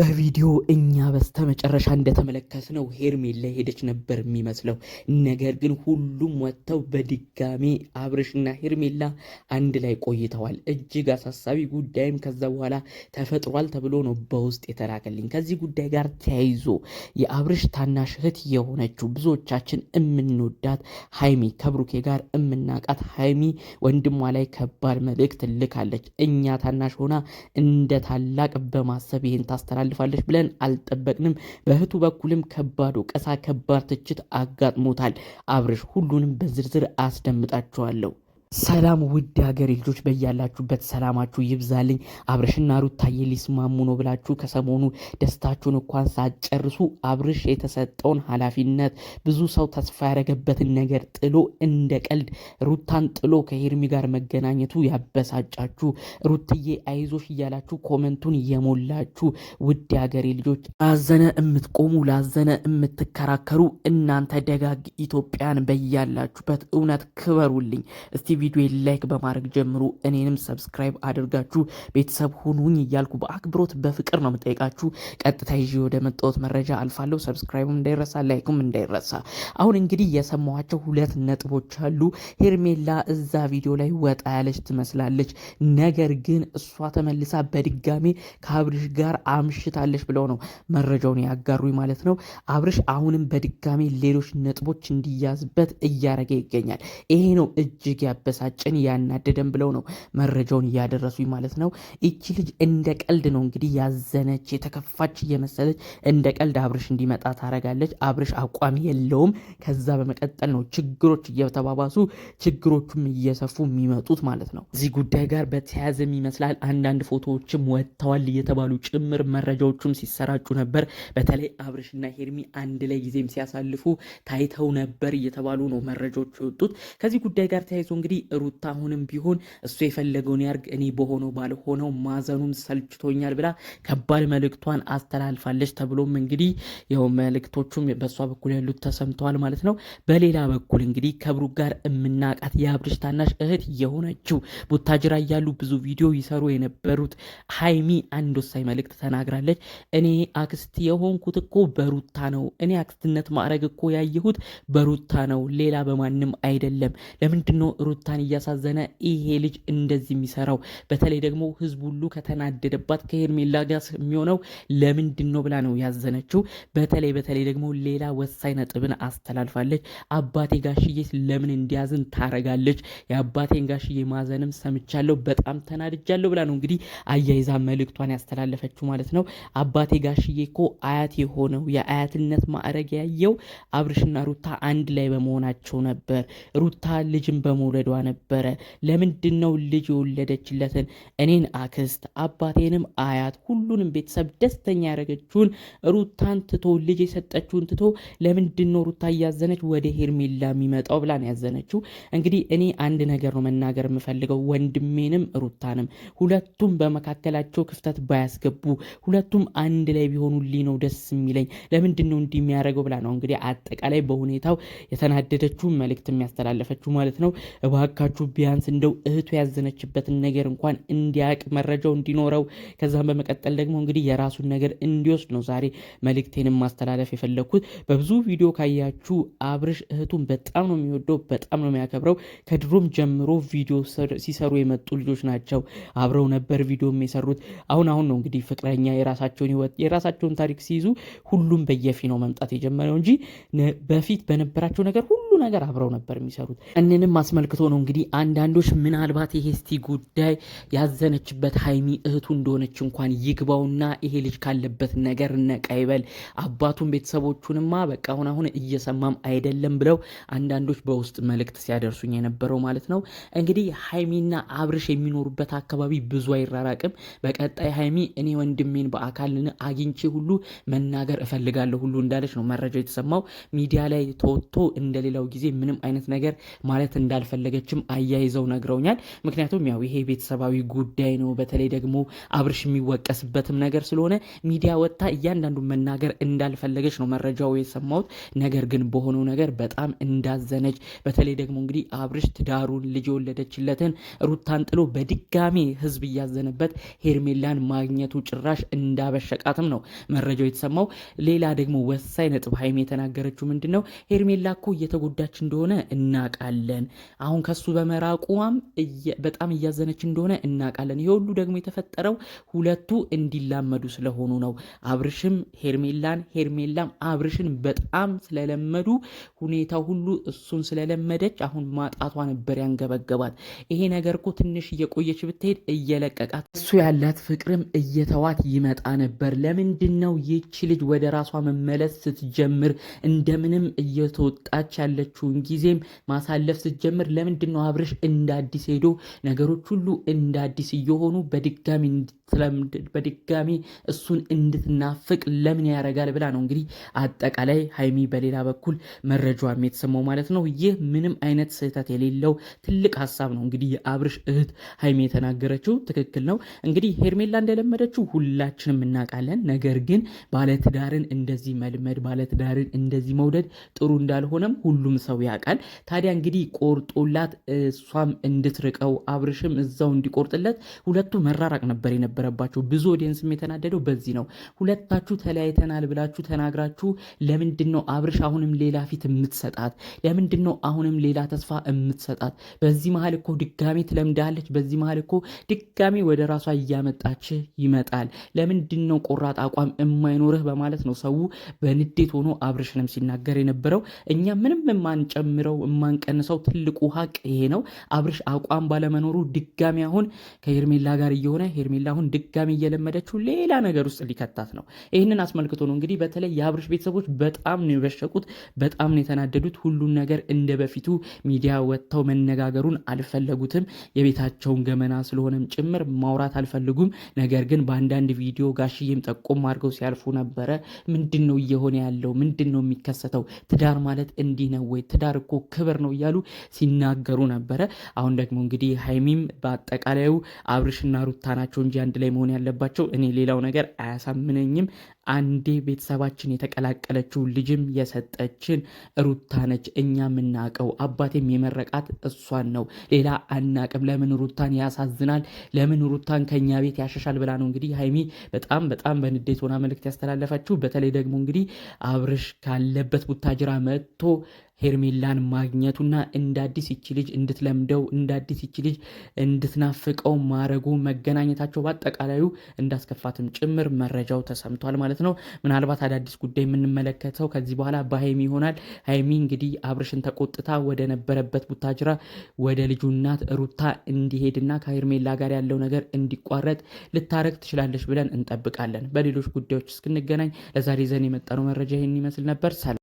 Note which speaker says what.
Speaker 1: በቪዲዮ እኛ በስተመጨረሻ እንደተመለከትነው ሄርሜላ ሄደች ነበር የሚመስለው። ነገር ግን ሁሉም ወጥተው በድጋሜ አብርሽና ሄርሜላ አንድ ላይ ቆይተዋል። እጅግ አሳሳቢ ጉዳይም ከዛ በኋላ ተፈጥሯል ተብሎ ነው በውስጥ የተላከልኝ። ከዚህ ጉዳይ ጋር ተያይዞ የአብርሽ ታናሽ እህት የሆነችው ብዙዎቻችን የምንወዳት ሀይሚ ከብሩኬ ጋር የምናቃት ሀይሚ ወንድሟ ላይ ከባድ መልእክት ልካለች። እኛ ታናሽ ሆና እንደ ታላቅ በማሰብ ይህን ታስተላል ታሳልፋለች ብለን አልጠበቅንም። በእህቱ በኩልም ከባድ ወቀሳ፣ ከባድ ትችት አጋጥሞታል። አብርሽ ሁሉንም በዝርዝር አስደምጣችኋለሁ። ሰላም ውድ ሀገሬ ልጆች በያላችሁበት ሰላማችሁ ይብዛልኝ። አብርሽና ሩታዬ ሊስማሙ ነው ብላችሁ ከሰሞኑ ደስታችሁን እንኳን ሳትጨርሱ አብርሽ የተሰጠውን ኃላፊነት ብዙ ሰው ተስፋ ያደረገበትን ነገር ጥሎ እንደ ቀልድ ሩታን ጥሎ ከሄርሚ ጋር መገናኘቱ ያበሳጫችሁ፣ ሩትዬ አይዞሽ እያላችሁ ኮመንቱን የሞላችሁ ውድ ሀገሬ ልጆች አዘነ የምትቆሙ ላዘነ የምትከራከሩ እናንተ ደጋግ ኢትዮጵያን በያላችሁበት እውነት ክበሩልኝ እስቲ ቪዲዮ ላይክ በማድረግ ጀምሩ። እኔንም ሰብስክራይብ አድርጋችሁ ቤተሰብ ሁኑኝ እያልኩ በአክብሮት በፍቅር ነው የምጠይቃችሁ። ቀጥታ ይዤ ወደ መጣሁት መረጃ አልፋለሁ። ሰብስክራይብም እንዳይረሳ፣ ላይኩም እንዳይረሳ። አሁን እንግዲህ የሰማኋቸው ሁለት ነጥቦች አሉ። ሄርሜላ እዛ ቪዲዮ ላይ ወጣ ያለች ትመስላለች፣ ነገር ግን እሷ ተመልሳ በድጋሜ ከአብርሽ ጋር አምሽታለች ብለው ነው መረጃውን ያጋሩኝ ማለት ነው። አብርሽ አሁንም በድጋሜ ሌሎች ነጥቦች እንዲያዝበት እያደረገ ይገኛል። ይሄ ነው እጅግ ያበ ያበሳጨን ያናደደን ብለው ነው መረጃውን እያደረሱኝ ማለት ነው። ይቺ ልጅ እንደ ቀልድ ነው እንግዲህ ያዘነች የተከፋች እየመሰለች እንደ ቀልድ አብርሽ እንዲመጣ ታረጋለች። አብርሽ አቋም የለውም። ከዛ በመቀጠል ነው ችግሮች እየተባባሱ ችግሮቹም እየሰፉ የሚመጡት ማለት ነው። እዚህ ጉዳይ ጋር በተያያዘም ይመስላል አንዳንድ ፎቶዎችም ወጥተዋል እየተባሉ ጭምር መረጃዎቹም ሲሰራጩ ነበር። በተለይ አብርሽና ሄርሚ አንድ ላይ ጊዜም ሲያሳልፉ ታይተው ነበር እየተባሉ ነው መረጃዎች የወጡት። ከዚህ ጉዳይ ጋር ተያይዞ እንግዲህ ሩታ አሁንም ቢሆን እሱ የፈለገውን ያርግ፣ እኔ በሆነው ባልሆነው ማዘኑም ሰልችቶኛል ብላ ከባድ መልእክቷን አስተላልፋለች ተብሎም እንግዲህ ያው መልእክቶቹም በእሷ በኩል ያሉት ተሰምተዋል ማለት ነው። በሌላ በኩል እንግዲህ ከብሩክ ጋር የምናቃት የአብርሽ ታናሽ እህት የሆነችው ቡታጅራ እያሉ ብዙ ቪዲዮ ይሰሩ የነበሩት ሀይሚ አንድ ወሳኝ መልእክት ተናግራለች። እኔ አክስት የሆንኩት እኮ በሩታ ነው። እኔ አክስትነት ማዕረግ እኮ ያየሁት በሩታ ነው፣ ሌላ በማንም አይደለም። ለምንድነው ሩታ እሩታን እያሳዘነ ይሄ ልጅ እንደዚህ የሚሰራው በተለይ ደግሞ ህዝብ ሁሉ ከተናደደባት ከሄርሜላ ጋር የሚሆነው ለምንድን ነው ብላ ነው ያዘነችው። በተለይ በተለይ ደግሞ ሌላ ወሳኝ ነጥብን አስተላልፋለች። አባቴ ጋሽዬ ለምን እንዲያዝን ታረጋለች? የአባቴን ጋሽዬ ማዘንም ሰምቻለሁ፣ በጣም ተናድጃለሁ ብላ ነው እንግዲህ አያይዛ መልእክቷን ያስተላለፈችው ማለት ነው። አባቴ ጋሽዬ እኮ አያት የሆነው የአያትነት ማዕረግ ያየው አብርሽና ሩታ አንድ ላይ በመሆናቸው ነበር። ሩታ ልጅን በመውለድ ማስገደዷ ነበረ። ለምንድን ነው ልጅ የወለደችለትን እኔን አክስት አባቴንም አያት ሁሉንም ቤተሰብ ደስተኛ ያደረገችውን ሩታን ትቶ ልጅ የሰጠችውን ትቶ ለምንድን ነው ሩታ እያዘነች ወደ ሄርሜላ የሚመጣው ብላን ያዘነችው። እንግዲህ እኔ አንድ ነገር ነው መናገር የምፈልገው ወንድሜንም ሩታንም ሁለቱም በመካከላቸው ክፍተት ባያስገቡ ሁለቱም አንድ ላይ ቢሆኑልኝ ነው ደስ የሚለኝ። ለምንድን ነው እንዲህ የሚያደርገው ብላ ነው እንግዲህ አጠቃላይ በሁኔታው የተናደደችው መልእክት የሚያስተላለፈችው ማለት ነው። እባካችሁ ቢያንስ እንደው እህቱ ያዘነችበትን ነገር እንኳን እንዲያቅ መረጃው እንዲኖረው ከዛም በመቀጠል ደግሞ እንግዲህ የራሱን ነገር እንዲወስድ ነው ዛሬ መልእክቴንም ማስተላለፍ የፈለግኩት። በብዙ ቪዲዮ ካያችሁ አብርሽ እህቱን በጣም ነው የሚወደው፣ በጣም ነው የሚያከብረው። ከድሮም ጀምሮ ቪዲዮ ሲሰሩ የመጡ ልጆች ናቸው። አብረው ነበር ቪዲዮም የሰሩት። አሁን አሁን ነው እንግዲህ ፍቅረኛ የራሳቸውን ህይወት የራሳቸውን ታሪክ ሲይዙ ሁሉም በየፊ ነው መምጣት የጀመረው እንጂ በፊት በነበራቸው ነገር ሁሉ ነገር አብረው ነበር የሚሰሩት። እንንም አስመልክቶ ነው እንግዲህ አንዳንዶች ምናልባት የሄስቲ ጉዳይ ያዘነችበት ሀይሚ እህቱ እንደሆነች እንኳን ይግባውና ይሄ ልጅ ካለበት ነገር ነቃ ይበል፣ አባቱን ቤተሰቦቹንማ በቃ አሁን አሁን እየሰማም አይደለም ብለው አንዳንዶች በውስጥ መልእክት ሲያደርሱኝ የነበረው ማለት ነው። እንግዲህ ሀይሚና አብርሽ የሚኖሩበት አካባቢ ብዙ አይራራቅም። በቀጣይ ሀይሚ እኔ ወንድሜን በአካልን አግኝቼ ሁሉ መናገር እፈልጋለሁ ሁሉ እንዳለች ነው መረጃው የተሰማው። ሚዲያ ላይ ተወጥቶ እንደሌላው ጊዜ ምንም አይነት ነገር ማለት እንዳልፈለገችም አያይዘው ነግረውኛል። ምክንያቱም ያው ይሄ ቤተሰባዊ ጉዳይ ነው። በተለይ ደግሞ አብርሽ የሚወቀስበትም ነገር ስለሆነ ሚዲያ ወጥታ እያንዳንዱ መናገር እንዳልፈለገች ነው መረጃው የሰማሁት። ነገር ግን በሆነው ነገር በጣም እንዳዘነች፣ በተለይ ደግሞ እንግዲህ አብርሽ ትዳሩን ልጅ የወለደችለትን ሩታን ጥሎ በድጋሚ ህዝብ እያዘነበት ሄርሜላን ማግኘቱ ጭራሽ እንዳበሸቃትም ነው መረጃው የተሰማው። ሌላ ደግሞ ወሳኝ ነጥብ ሀይሚ የተናገረችው ምንድን ነው ሄርሜላ እኮ እየተጎዳ እየተጎዳች እንደሆነ እናቃለን። አሁን ከሱ በመራቋም በጣም እያዘነች እንደሆነ እናቃለን። ይህ ሁሉ ደግሞ የተፈጠረው ሁለቱ እንዲላመዱ ስለሆኑ ነው። አብርሽም ሄርሜላን፣ ሄርሜላም አብርሽን በጣም ስለለመዱ ሁኔታ ሁሉ እሱን ስለለመደች አሁን ማጣቷ ነበር ያንገበገባት። ይሄ ነገር እኮ ትንሽ እየቆየች ብትሄድ እየለቀቃት እሱ ያላት ፍቅርም እየተዋት ይመጣ ነበር። ለምንድን ነው ይቺ ልጅ ወደ ራሷ መመለስ ስትጀምር እንደምንም እየተወጣች ያለች ያለችውን ጊዜም ማሳለፍ ስትጀምር ለምንድን ነው አብርሽ እንደ አዲስ ሄዶ ነገሮች ሁሉ እንደ አዲስ እየሆኑ በድጋሚ በድጋሚ እሱን እንድትናፍቅ ለምን ያደርጋል ብላ ነው እንግዲህ አጠቃላይ ሀይሚ በሌላ በኩል መረጃዋም የተሰማው ማለት ነው። ይህ ምንም አይነት ስህተት የሌለው ትልቅ ሀሳብ ነው እንግዲህ የአብርሽ እህት ሀይሚ የተናገረችው ትክክል ነው። እንግዲህ ሄርሜላ እንደለመደችው ሁላችንም እናውቃለን። ነገር ግን ባለትዳርን እንደዚህ መልመድ፣ ባለትዳርን እንደዚህ መውደድ ጥሩ እንዳልሆነም ሁሉ ሁሉም ሰው ያውቃል። ታዲያ እንግዲህ ቆርጦላት እሷም እንድትርቀው አብርሽም እዛው እንዲቆርጥለት ሁለቱ መራራቅ ነበር የነበረባቸው። ብዙ ኦዲየንስም የተናደደው በዚህ ነው። ሁለታችሁ ተለያይተናል ብላችሁ ተናግራችሁ ለምንድን ነው አብርሽ አሁንም ሌላ ፊት የምትሰጣት? ለምንድን ነው አሁንም ሌላ ተስፋ የምትሰጣት? በዚህ መሀል እኮ ድጋሜ ትለምዳለች። በዚህ መሀል እኮ ድጋሜ ወደ ራሷ እያመጣች ይመጣል። ለምንድን ነው ቆራጥ አቋም የማይኖርህ? በማለት ነው ሰው በንዴት ሆኖ አብርሽንም ሲናገር የነበረው እኛ ምንም የማንጨምረው የማንቀንሰው ትልቁ ሀቅ ይሄ ነው። አብርሽ አቋም ባለመኖሩ ድጋሚ አሁን ከሄርሜላ ጋር እየሆነ ሄርሜላ አሁን ድጋሚ እየለመደችው ሌላ ነገር ውስጥ ሊከታት ነው። ይህንን አስመልክቶ ነው እንግዲህ በተለይ የአብርሽ ቤተሰቦች በጣም ነው የበሸቁት፣ በጣም ነው የተናደዱት። ሁሉን ነገር እንደ በፊቱ ሚዲያ ወጥተው መነጋገሩን አልፈለጉትም። የቤታቸውን ገመና ስለሆነም ጭምር ማውራት አልፈልጉም። ነገር ግን በአንዳንድ ቪዲዮ ጋሽዬም ጠቆም አድርገው ሲያልፉ ነበረ። ምንድን ነው እየሆነ ያለው? ምንድን ነው የሚከሰተው? ትዳር ማለት እንዲህ ነው ወይ ትዳር እኮ ክብር ነው እያሉ ሲናገሩ ነበረ። አሁን ደግሞ እንግዲህ ሀይሚም በአጠቃላዩ አብርሽና ሩታ ናቸው እንጂ አንድ ላይ መሆን ያለባቸው እኔ ሌላው ነገር አያሳምነኝም አንዴ ቤተሰባችን የተቀላቀለችው ልጅም የሰጠችን ሩታ ነች። እኛ የምናቀው አባቴም የመረቃት እሷን ነው፣ ሌላ አናቅም። ለምን ሩታን ያሳዝናል፣ ለምን ሩታን ከኛ ቤት ያሸሻል ብላ ነው እንግዲህ ሀይሚ በጣም በጣም በንዴት ሆና መልእክት ያስተላለፈችው። በተለይ ደግሞ እንግዲህ አብርሽ ካለበት ቡታጅራ መጥቶ ሄርሜላን ማግኘቱና እንደ አዲስ ይቺ ልጅ እንድትለምደው እንደ አዲስ ይቺ ልጅ እንድትናፍቀው ማረጉ መገናኘታቸው በአጠቃላዩ እንዳስከፋትም ጭምር መረጃው ተሰምቷል ማለት ማለት ነው። ምናልባት አዳዲስ ጉዳይ የምንመለከተው ከዚህ በኋላ በሀይሚ ይሆናል። ሀይሚ እንግዲህ አብርሽን ተቆጥታ ወደ ነበረበት ቡታጅራ ወደ ልጁ እናት ሩታ እንዲሄድና ከሄርሜላ ጋር ያለው ነገር እንዲቋረጥ ልታረግ ትችላለች ብለን እንጠብቃለን። በሌሎች ጉዳዮች እስክንገናኝ ለዛሬ ዘን የመጣነው መረጃ ይህን ይመስል ነበር።